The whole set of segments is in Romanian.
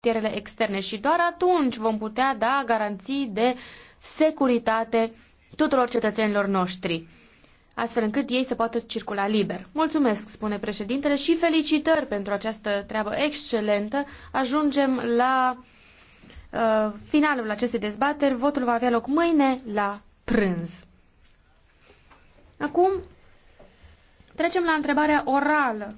frontierele externe și doar atunci vom putea da garanții de securitate tuturor cetățenilor noștri, astfel încât ei să poată circula liber. Mulțumesc, spune președintele, și felicitări pentru această treabă excelentă. Ajungem la uh, finalul acestei dezbateri. Votul va avea loc mâine la prânz. Acum trecem la întrebarea orală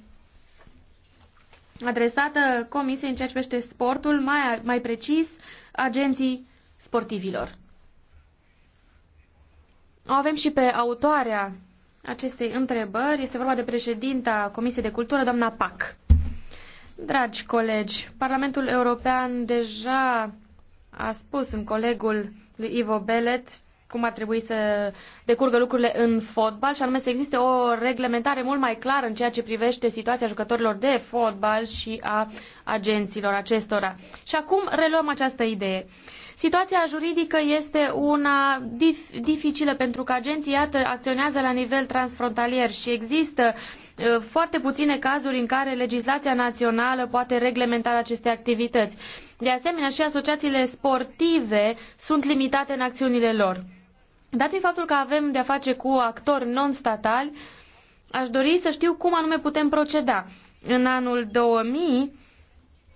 adresată Comisiei în ceea ce privește sportul, mai, mai precis agenții sportivilor. O avem și pe autoarea acestei întrebări. Este vorba de președinta Comisiei de Cultură, doamna Pac. Dragi colegi, Parlamentul European deja a spus în colegul lui Ivo Belet cum ar trebui să decurgă lucrurile în fotbal și anume să existe o reglementare mult mai clară în ceea ce privește situația jucătorilor de fotbal și a agenților acestora. Și acum reluăm această idee. Situația juridică este una dif- dificilă pentru că agenții, iată, acționează la nivel transfrontalier și există uh, foarte puține cazuri în care legislația națională poate reglementa aceste activități. De asemenea, și asociațiile sportive sunt limitate în acțiunile lor. Dat fiind faptul că avem de-a face cu actori non-statali, aș dori să știu cum anume putem proceda. În anul 2000,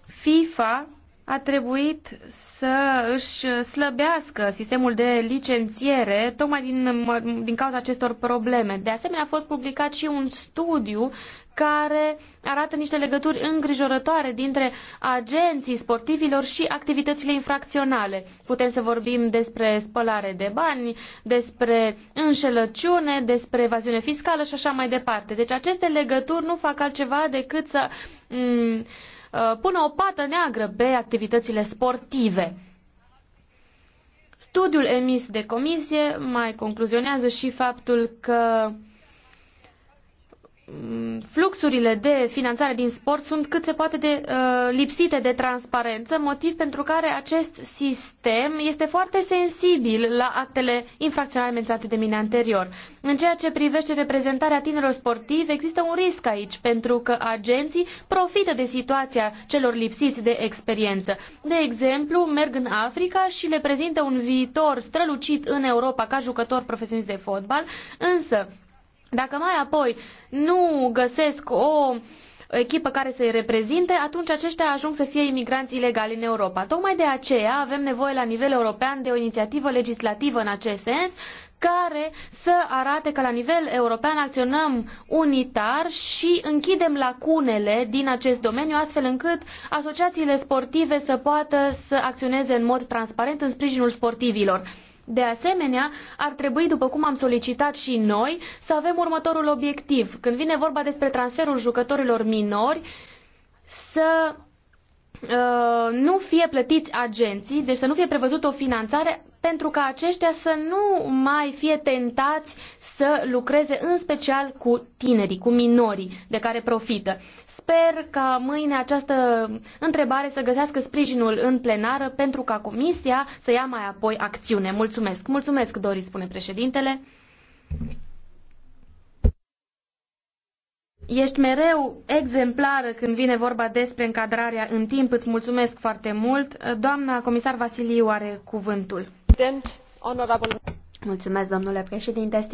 FIFA a trebuit să își slăbească sistemul de licențiere tocmai din, din cauza acestor probleme. De asemenea, a fost publicat și un studiu care arată niște legături îngrijorătoare dintre agenții sportivilor și activitățile infracționale. Putem să vorbim despre spălare de bani, despre înșelăciune, despre evaziune fiscală și așa mai departe. Deci aceste legături nu fac altceva decât să mm, uh, pună o pată neagră pe activitățile sportive. Studiul emis de comisie mai concluzionează și faptul că Mm, fluxurile de finanțare din sport sunt cât se poate de uh, lipsite de transparență, motiv pentru care acest sistem este foarte sensibil la actele infracționale menționate de mine anterior. În ceea ce privește reprezentarea tinerilor sportivi, există un risc aici, pentru că agenții profită de situația celor lipsiți de experiență. De exemplu, merg în Africa și le prezintă un viitor strălucit în Europa ca jucător profesionist de fotbal, însă dacă mai apoi nu găsesc o echipă care să-i reprezinte, atunci aceștia ajung să fie imigranți ilegali în Europa. Tocmai de aceea avem nevoie la nivel european de o inițiativă legislativă în acest sens, care să arate că la nivel european acționăm unitar și închidem lacunele din acest domeniu, astfel încât asociațiile sportive să poată să acționeze în mod transparent în sprijinul sportivilor. De asemenea, ar trebui, după cum am solicitat și noi, să avem următorul obiectiv. Când vine vorba despre transferul jucătorilor minori, să uh, nu fie plătiți agenții, deci să nu fie prevăzută o finanțare pentru ca aceștia să nu mai fie tentați să lucreze în special cu tinerii, cu minorii de care profită. Sper ca mâine această întrebare să găsească sprijinul în plenară pentru ca Comisia să ia mai apoi acțiune. Mulțumesc. Mulțumesc, Dori, spune președintele. Ești mereu exemplară când vine vorba despre încadrarea în timp. Îți mulțumesc foarte mult. Doamna comisar Vasiliu are cuvântul. Mulțumesc, domnule președinte,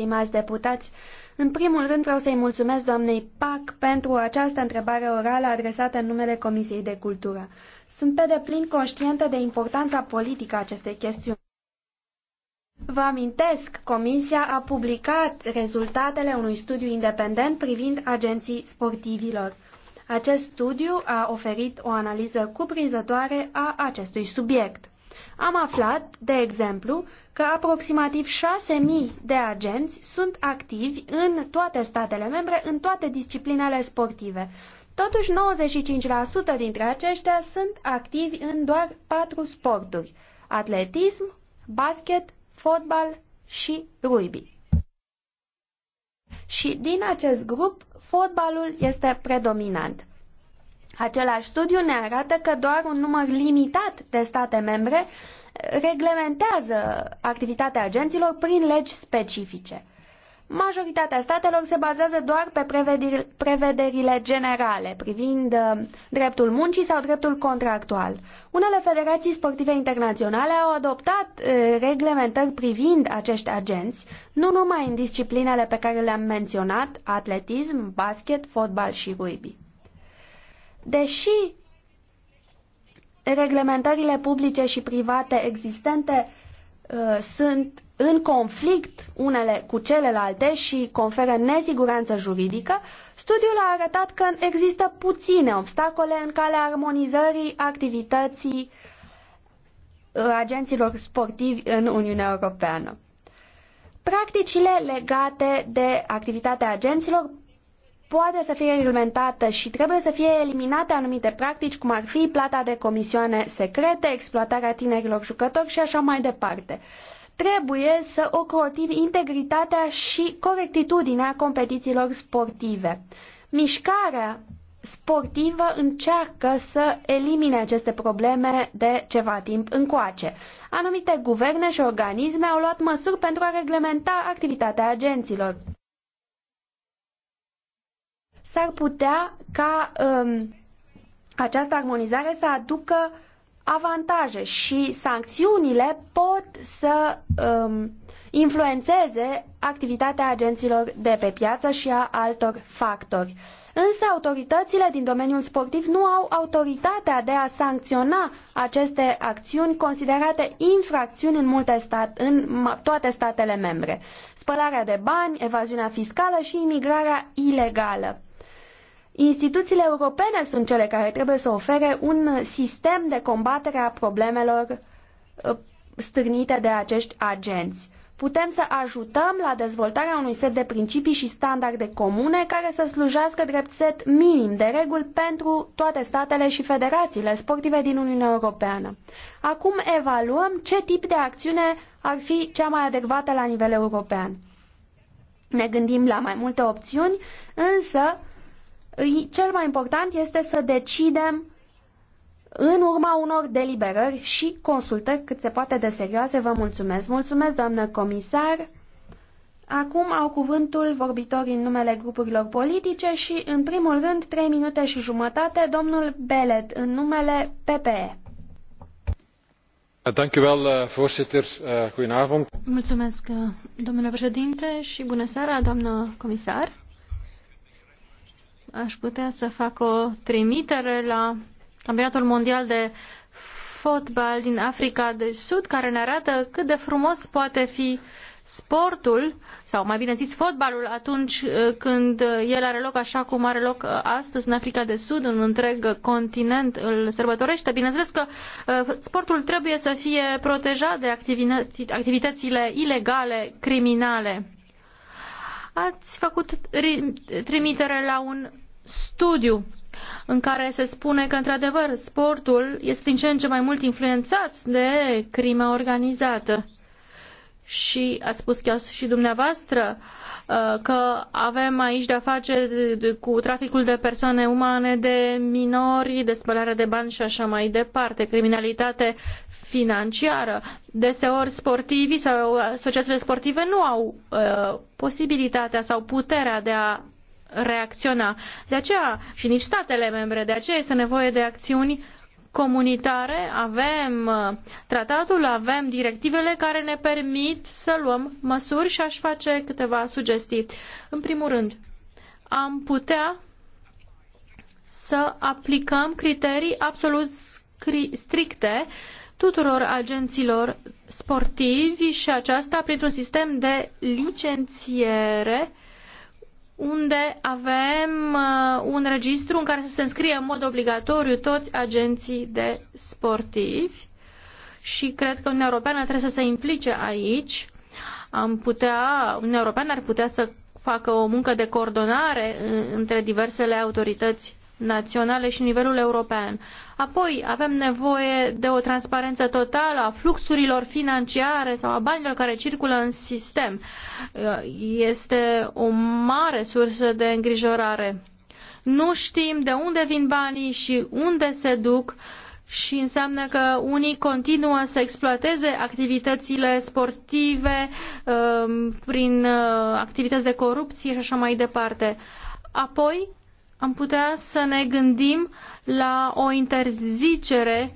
În primul rând vreau să îi mulțumesc doamnei PAC pentru această întrebare orală adresată în numele Comisiei de Cultură. Sunt pe deplin conștientă de importanța politică a acestei chestiuni. Vă amintesc, Comisia a publicat rezultatele unui studiu independent privind agenții sportivilor. Acest studiu a oferit o analiză cuprinzătoare a acestui subiect. Am aflat, de exemplu, că aproximativ 6.000 de agenți sunt activi în toate statele membre, în toate disciplinele sportive. Totuși, 95% dintre aceștia sunt activi în doar patru sporturi. Atletism, basket, fotbal și rugby. Și din acest grup, fotbalul este predominant. Același studiu ne arată că doar un număr limitat de state membre reglementează activitatea agenților prin legi specifice. Majoritatea statelor se bazează doar pe prevederile generale privind uh, dreptul muncii sau dreptul contractual. Unele federații sportive internaționale au adoptat uh, reglementări privind acești agenți, nu numai în disciplinele pe care le-am menționat, atletism, basket, fotbal și rugby deși reglementările publice și private existente uh, sunt în conflict unele cu celelalte și conferă nesiguranță juridică, studiul a arătat că există puține obstacole în calea armonizării activității uh, agenților sportivi în Uniunea Europeană. Practicile legate de activitatea agenților poate să fie reglementată și trebuie să fie eliminate anumite practici, cum ar fi plata de comisioane secrete, exploatarea tinerilor jucători și așa mai departe. Trebuie să ocrotim integritatea și corectitudinea competițiilor sportive. Mișcarea sportivă încearcă să elimine aceste probleme de ceva timp încoace. Anumite guverne și organisme au luat măsuri pentru a reglementa activitatea agenților s-ar putea ca um, această armonizare să aducă avantaje și sancțiunile pot să um, influențeze activitatea agenților de pe piață și a altor factori. Însă autoritățile din domeniul sportiv nu au autoritatea de a sancționa aceste acțiuni considerate infracțiuni în, multe stat, în toate statele membre. Spălarea de bani, evaziunea fiscală și imigrarea ilegală. Instituțiile europene sunt cele care trebuie să ofere un sistem de combatere a problemelor uh, stârnite de acești agenți. Putem să ajutăm la dezvoltarea unui set de principii și standarde comune care să slujească drept set minim de reguli pentru toate statele și federațiile sportive din Uniunea Europeană. Acum evaluăm ce tip de acțiune ar fi cea mai adecvată la nivel european. Ne gândim la mai multe opțiuni, însă cel mai important este să decidem în urma unor deliberări și consultări cât se poate de serioase. Vă mulțumesc. Mulțumesc, doamnă comisar. Acum au cuvântul vorbitorii în numele grupurilor politice și, în primul rând, 3 minute și jumătate, domnul Belet, în numele PPE. Eh, eh, eh, mulțumesc, domnule președinte, și bună seara, doamnă comisar aș putea să fac o trimitere la Campionatul Mondial de Fotbal din Africa de Sud, care ne arată cât de frumos poate fi sportul, sau mai bine zis fotbalul, atunci uh, când el are loc așa cum are loc uh, astăzi în Africa de Sud, un întreg continent îl sărbătorește. Bineînțeles că uh, sportul trebuie să fie protejat de activitățile ilegale, criminale ați făcut trimitere la un studiu în care se spune că, într-adevăr, sportul este din ce în ce mai mult influențat de crima organizată. Și ați spus chiar și dumneavoastră uh, Uh, că avem aici de-a face cu traficul de persoane umane, de minori, de spălare de bani și așa mai departe, criminalitate financiară. Deseori sportivii sau asociațiile sportive nu au uh, posibilitatea sau puterea de a reacționa. De aceea, și nici statele membre, de aceea este nevoie de acțiuni comunitare, avem uh, tratatul, avem directivele care ne permit să luăm măsuri și aș face câteva sugestii. În primul rând, am putea să aplicăm criterii absolut stricte tuturor agenților sportivi și aceasta printr-un sistem de licențiere uh, unde avem uh, un registru în care să se înscrie în mod obligatoriu toți agenții de sportivi și cred că Uniunea Europeană trebuie să se implice aici. Am putea, Uniunea Europeană ar putea să facă o muncă de coordonare uh, între diversele autorități naționale și nivelul european. Apoi avem nevoie de o transparență totală a fluxurilor financiare sau a banilor care circulă în sistem. Uh, este o mare sursă de îngrijorare. Nu știm de unde vin banii și unde se duc și înseamnă că unii continuă să exploateze activitățile sportive uh, prin uh, activități de corupție și așa mai departe. Apoi, am putea să ne gândim la o interzicere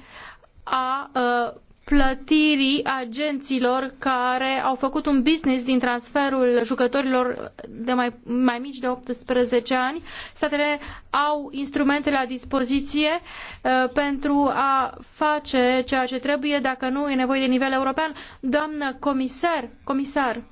a uh, plătirii agenților care au făcut un business din transferul jucătorilor de mai, mai mici de 18 ani. Statele au instrumente la dispoziție uh, pentru a face ceea ce trebuie, dacă nu e nevoie de nivel european. Doamnă comisar, comisar,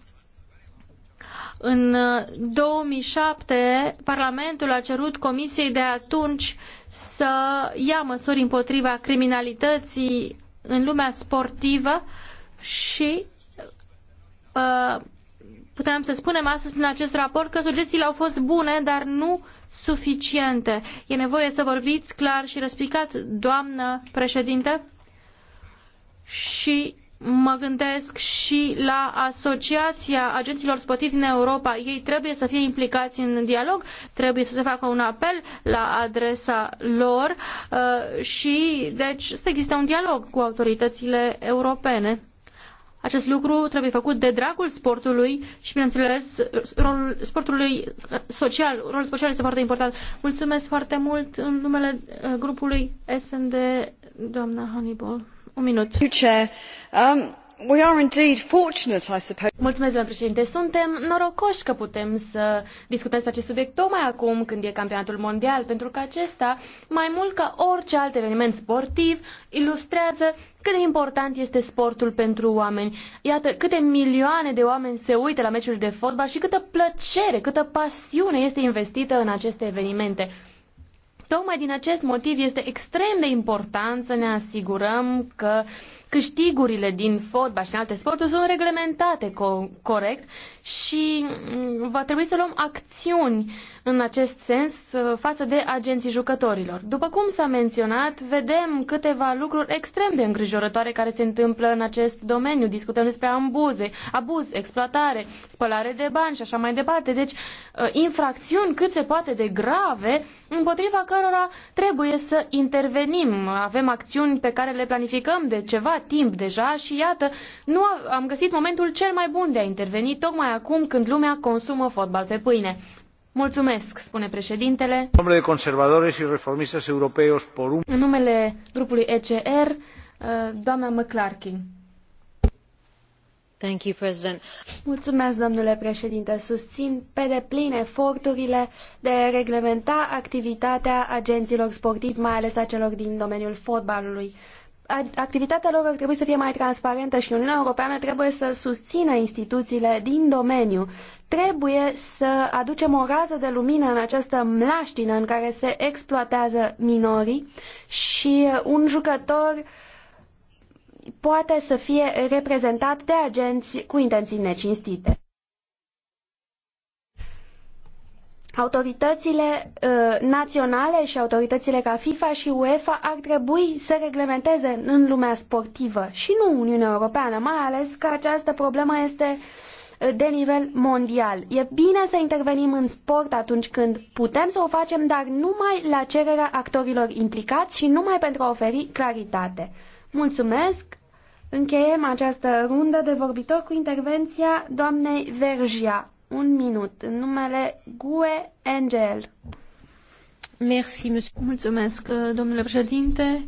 în 2007, uh, Parlamentul a cerut Comisiei de atunci să ia măsuri împotriva criminalității în lumea sportivă și uh, putem să spunem astăzi prin acest raport că sugestiile au fost bune, dar nu suficiente. E nevoie să vorbiți clar și răspicat, doamnă președinte, și mă gândesc și la Asociația Agenților Sportivi din Europa. Ei trebuie să fie implicați în dialog, trebuie să se facă un apel la adresa lor uh, și, deci, să existe un dialog cu autoritățile europene. Acest lucru trebuie făcut de dragul sportului și, bineînțeles, rolul sportului social. Rolul social este foarte important. Mulțumesc foarte mult în numele uh, grupului SND, doamna Honeyball. Um, Domnule președinte. Suntem norocoși că putem să discutăm despre acest subiect tocmai acum când e campionatul mondial, pentru că acesta, mai mult ca orice alt eveniment sportiv, ilustrează cât de important este sportul pentru oameni. Iată câte milioane de oameni se uită la meciurile de fotbal și câtă plăcere, câtă pasiune este investită în aceste evenimente. Tocmai din acest motiv este extrem de important să ne asigurăm că câștigurile din fotbal și în alte sporturi sunt reglementate co- corect și mm, va trebui să luăm acțiuni în acest sens uh, față de agenții jucătorilor. După cum s-a menționat, vedem câteva lucruri extrem de îngrijorătoare care se întâmplă în acest domeniu. Discutăm despre ambuze, abuz, exploatare, spălare de bani și așa mai departe. Deci, uh, infracțiuni cât se poate de grave împotriva cărora trebuie să intervenim. Avem acțiuni pe care le planificăm de ceva timp deja și iată, nu am găsit momentul cel mai bun de a interveni tocmai acum când lumea consumă fotbal pe pâine. Mulțumesc, spune președintele. Numele conservadores și reformistas europeos por un... În numele grupului ECR, uh, doamna McClarkin. Thank you, President. Mulțumesc, domnule președinte. Susțin pe deplin eforturile de a reglementa activitatea agenților sportivi, mai ales a celor din domeniul fotbalului activitatea lor ar trebui să fie mai transparentă și Uniunea Europeană trebuie să susțină instituțiile din domeniu. Trebuie să aducem o rază de lumină în această mlaștină în care se exploatează minorii și un jucător poate să fie reprezentat de agenți cu intenții necinstite. autoritățile uh, naționale și autoritățile ca FIFA și UEFA ar trebui să reglementeze în lumea sportivă și nu Uniunea Europeană, mai ales că această problemă este uh, de nivel mondial. E bine să intervenim în sport atunci când putem să o facem, dar numai la cererea actorilor implicați și numai pentru a oferi claritate. Mulțumesc! Încheiem această rundă de vorbitor cu intervenția doamnei Vergia un minut, în numele GUE Angel. Mulțumesc, domnule președinte.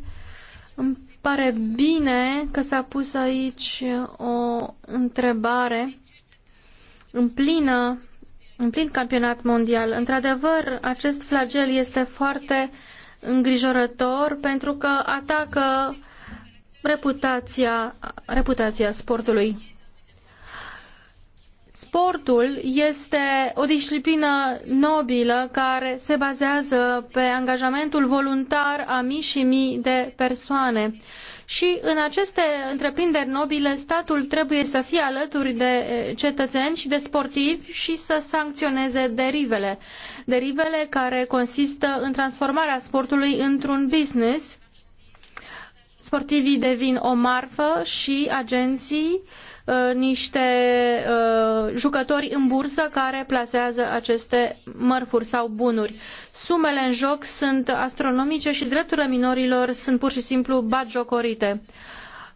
Îmi pare bine că s-a pus aici o întrebare în plină în plin campionat mondial. Într-adevăr, acest flagel este foarte îngrijorător pentru că atacă reputația, reputația sportului. Sportul este o disciplină nobilă care se bazează pe angajamentul voluntar a mii și mii de persoane. Și în aceste întreprinderi nobile, statul trebuie să fie alături de eh, cetățeni și de sportivi și să sancționeze derivele. Derivele care consistă în transformarea sportului într-un business. Sportivii devin o marfă și agenții uh, Uh, niște uh, jucători în bursă care plasează aceste mărfuri sau bunuri. Sumele în joc sunt astronomice și drepturile minorilor sunt pur și simplu batjocorite.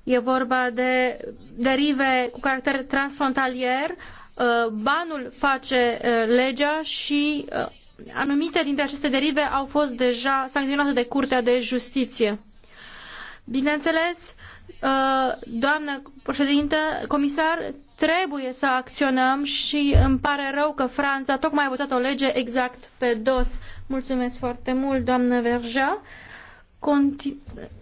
E vorba de derive cu caracter transfrontalier, uh, banul face legea și anumite dintre aceste derive au fost deja sancționate de Curtea de Justiție. Bineînțeles, uh, Uh, doamnă președintă, comisar, trebuie să acționăm și îmi pare rău că Franța tocmai a votat o lege exact pe dos. Mulțumesc foarte mult, doamnă Verja.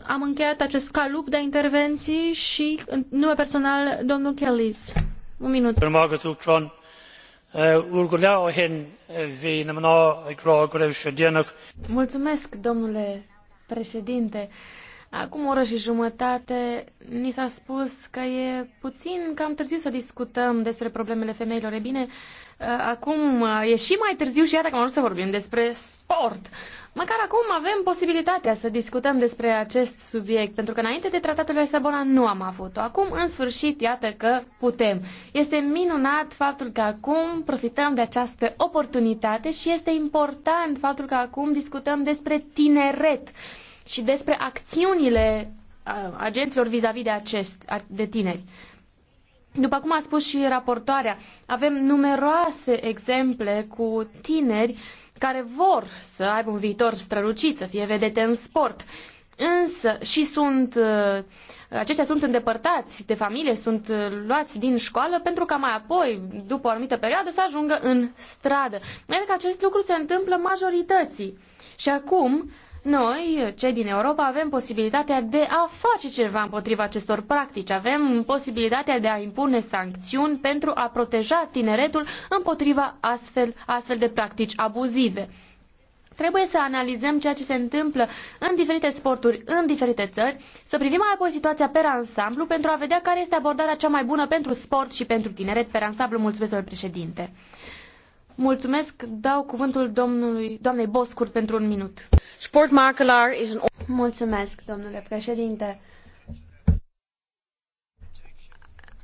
am încheiat acest calup de intervenții și în nume personal domnul Kellys. Un minut. Eh, eh, Mulțumesc, domnule președinte. Acum o oră și jumătate ni s-a spus că e puțin cam târziu să discutăm despre problemele femeilor. E bine, uh, acum uh, e și mai târziu și iată că am ajuns să vorbim despre sport. Măcar acum avem posibilitatea să discutăm despre acest subiect, pentru că înainte de tratatul de Lisabona nu am avut-o. Acum, în sfârșit, iată că putem. Este minunat faptul că acum profităm de această oportunitate și este important faptul că acum discutăm despre tineret și despre acțiunile agenților vis-a-vis -vis de, acest, de tineri. După cum a spus și raportoarea, avem numeroase exemple cu tineri care vor să aibă un viitor strălucit, să fie vedete în sport, însă și sunt, uh, aceștia sunt îndepărtați de familie, sunt uh, luați din școală pentru ca mai apoi, după o anumită perioadă, să ajungă în stradă. Iar că acest lucru se întâmplă majorității. Și acum noi, cei din Europa, avem posibilitatea de a face ceva împotriva acestor practici. Avem posibilitatea de a impune sancțiuni pentru a proteja tineretul împotriva astfel, astfel de practici abuzive. Trebuie să analizăm ceea ce se întâmplă în diferite sporturi, în diferite țări, să privim mai apoi situația pe ansamblu pentru a vedea care este abordarea cea mai bună pentru sport și pentru tineret pe ansamblu. Mulțumesc, domnule președinte. Mulțumesc, dau cuvântul domnului, doamnei Boscur pentru un minut. Sportmakelaar is an... Mulțumesc, domnule președinte.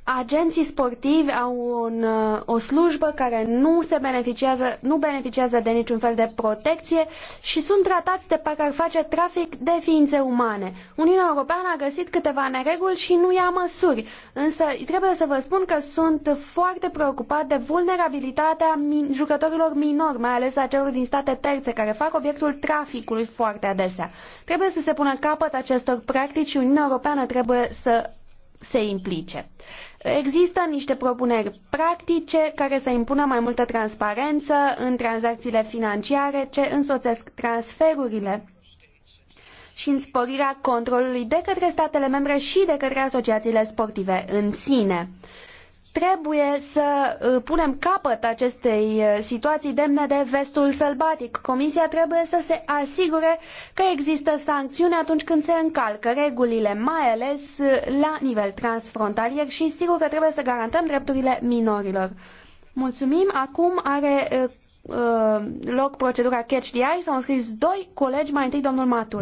agenții sportivi au un, uh, o slujbă care nu se beneficiază, nu beneficiază de niciun fel de protecție și sunt tratați de parcă ar face trafic de ființe umane. Uniunea Europeană a găsit câteva nereguli și nu ia măsuri, însă trebuie să vă spun că sunt foarte preocupat de vulnerabilitatea min jucătorilor minori, mai ales a celor din state terțe care fac obiectul traficului foarte adesea. Trebuie să se pună capăt acestor practici și Uniunea Europeană trebuie să se implice. Există niște propuneri practice care să impună mai multă transparență în tranzacțiile financiare ce însoțesc transferurile și în sporirea controlului de către statele membre și de către asociațiile sportive în sine. Uh, Trebuie să uh, punem capăt acestei uh, situații demne de vestul sălbatic. Comisia trebuie să se asigure că există sancțiuni atunci când se încalcă regulile, mai ales uh, la nivel transfrontalier și sigur că trebuie să garantăm drepturile minorilor. Mulțumim. Acum are uh, loc procedura Catch the Eye. S-au înscris doi colegi, mai întâi domnul Matul.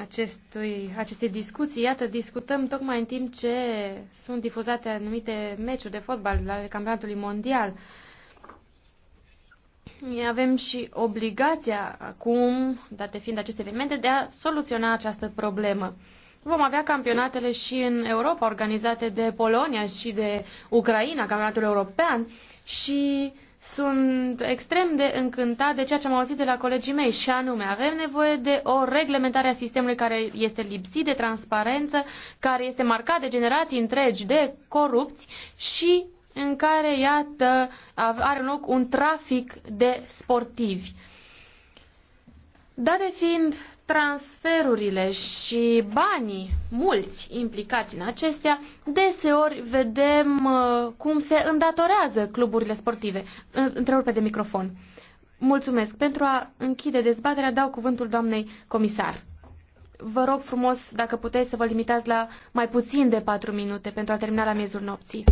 acestui, acestei discuții. Iată, discutăm tocmai în timp ce sunt difuzate anumite meciuri de fotbal ale campionatului mondial. Avem și obligația acum, date fiind aceste evenimente, de a soluționa această problemă. Vom avea campionatele și în Europa, organizate de Polonia și de Ucraina, campionatul european, și uh, sunt extrem de încântat de ceea ce am auzit de la colegii mei și anume avem nevoie de o reglementare a sistemului care este lipsit de transparență, care este marcat de generații întregi de corupți și în care, iată, are loc un trafic de sportivi. Date fiind transferurile și banii mulți implicați în acestea, deseori vedem uh, cum se îndatorează cluburile sportive. Întrerupe de microfon. Mulțumesc. Pentru a închide dezbaterea, dau cuvântul doamnei comisar. Vă rog frumos, dacă puteți, să vă limitați la mai puțin de patru minute pentru a termina la miezul nopții.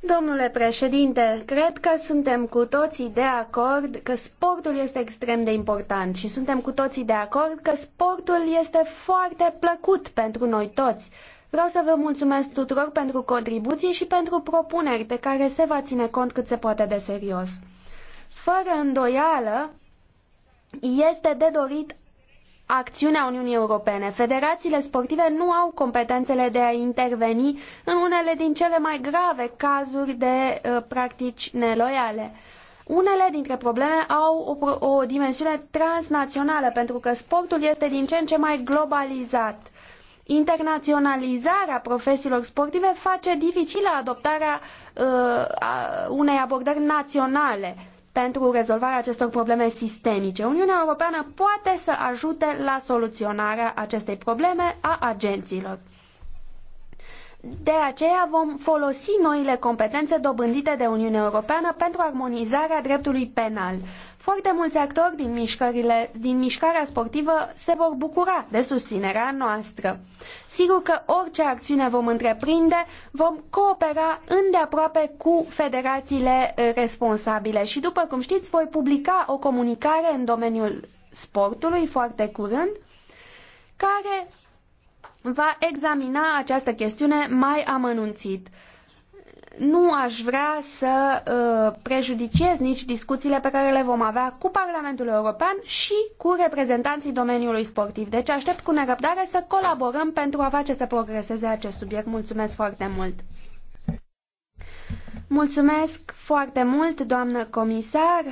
Domnule președinte, cred că suntem cu toții de acord că sportul este extrem de important și suntem cu toții de acord că sportul este foarte plăcut pentru noi toți. Vreau să vă mulțumesc tuturor pentru contribuții și pentru propuneri de care se va ține cont cât se poate de serios. Fără îndoială, este de dorit acțiunea Uniunii Europene. Federațiile sportive nu au competențele de a interveni în unele din cele mai grave cazuri de uh, practici neloiale. Unele dintre probleme au o, o dimensiune transnațională, pentru că sportul este din ce în ce mai globalizat. Internaționalizarea profesiilor sportive face dificilă adoptarea uh, unei abordări naționale pentru rezolvarea acestor probleme sistemice. Uniunea Europeană poate să ajute la soluționarea acestei probleme a agenților. De aceea vom folosi noile competențe dobândite de Uniunea Europeană pentru armonizarea dreptului penal. Foarte mulți actori din, mișcările, din mișcarea sportivă se vor bucura de susținerea noastră. Sigur că orice acțiune vom întreprinde, vom coopera îndeaproape cu federațiile eh, responsabile și, după cum știți, voi publica o comunicare în domeniul sportului foarte curând, care va examina această chestiune mai amănunțit. Nu aș vrea să uh, prejudiciez nici discuțiile pe care le vom avea cu Parlamentul European și cu reprezentanții domeniului sportiv. Deci aștept cu nerăbdare să colaborăm pentru a face să progreseze acest subiect. Mulțumesc foarte mult! Mulțumesc foarte mult, doamnă comisar!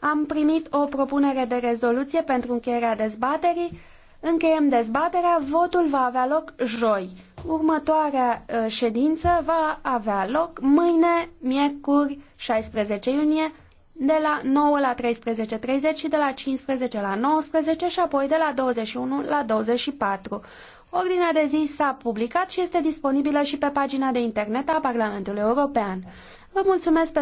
Am primit o propunere de rezoluție pentru încheierea dezbaterii. Încheiem dezbaterea, votul va avea loc joi. Următoarea uh, ședință va avea loc mâine, miercuri, 16 iunie, de la 9 la 13.30 și de la 15 la 19 și apoi de la 21 la 24. Ordinea de zi s-a publicat și este disponibilă și pe pagina de internet a Parlamentului European. Vă mulțumesc pentru